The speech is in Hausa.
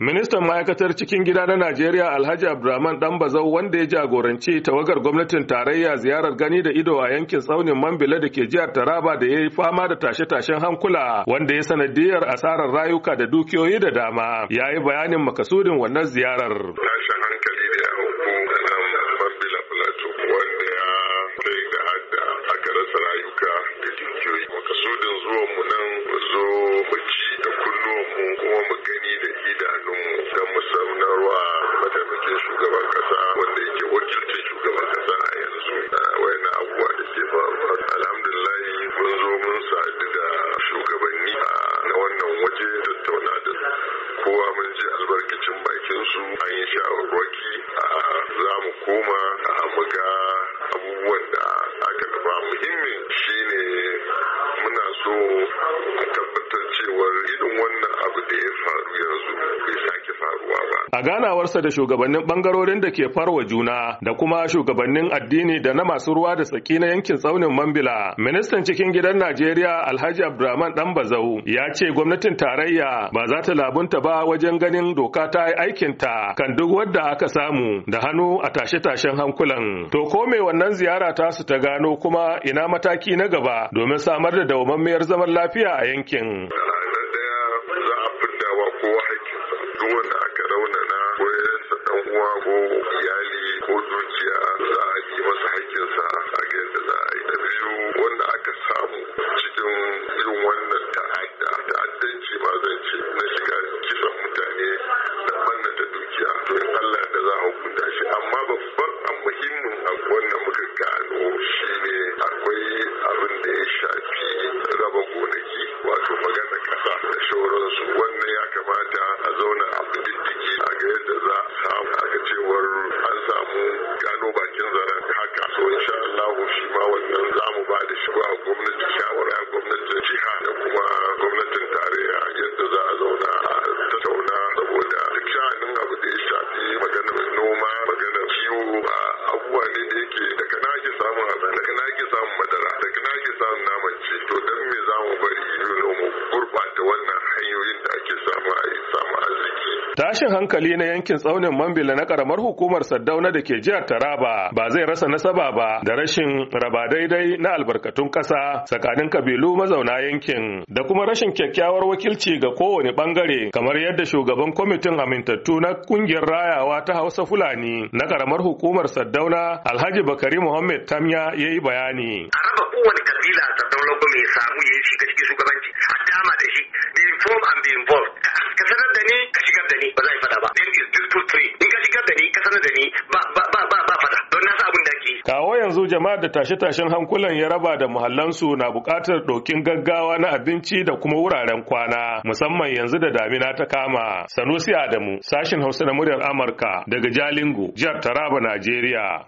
Ministan ma'aikatar cikin gida na Najeriya Alhaji Abdulrahman Dan Bazau wanda ya jagoranci tawagar gwamnatin tarayya ziyarar gani da ido a yankin tsaunin Mambila da ke jihar Taraba da ya yi fama da tashe-tashen hankula wanda ya sanadiyar asarar rayuka da dukiyoyi da dama ya yi bayanin makasudin wannan ziyarar. kowa mun ji albarkacin bakin su an yi shawarwaki za mu koma a ga abubuwan da A ganawarsa da shugabannin bangarorin da ke farwa juna da kuma shugabannin addini da na masu ruwa da tsaki na yankin tsaunin Mambila, ministan cikin gidan Najeriya Alhaji Abdurrahman Dan Bazau ya ce gwamnatin tarayya ba za ta labunta ba wajen ganin doka ta yi aikinta kan duk wadda aka samu da hannu a tashe-tashen hankulan. To ko me wannan ziyara ta su ta gano kuma ina mataki na gaba domin samar da dawamammiyar zaman lafiya a yankin. samun naman Tashin hankali na yankin tsaunin Mambila na karamar hukumar Saddauna da ke jihar Taraba ba zai rasa nasaba ba da rashin raba daidai na albarkatun ƙasa tsakanin kabilu mazauna yankin da kuma rashin kyakkyawar wakilci ga kowane bangare kamar yadda shugaban kwamitin amintattu na kungiyar rayawa ta Hausa Fulani na karamar hukumar Saddauna Alhaji Bakari Muhammad Tamya ya yi bayani. kowane kabila a tattaunar ba mai samu ya shiga cikin shugabanci a dama da shi be inform and be involved ka sanar da ni ka shigar da ni ba za a yi fada ba then is this to three in ka shigar da ni ka sanar da ni ba ba ba ba fada don na sa abin da ake kawo yanzu jama'a da tashe-tashen hankulan ya raba da muhallansu na buƙatar ɗokin gaggawa na abinci da kuma wuraren kwana musamman yanzu da damina ta kama sanusi adamu sashin hausa na muryar amurka daga jalingo jihar taraba najeriya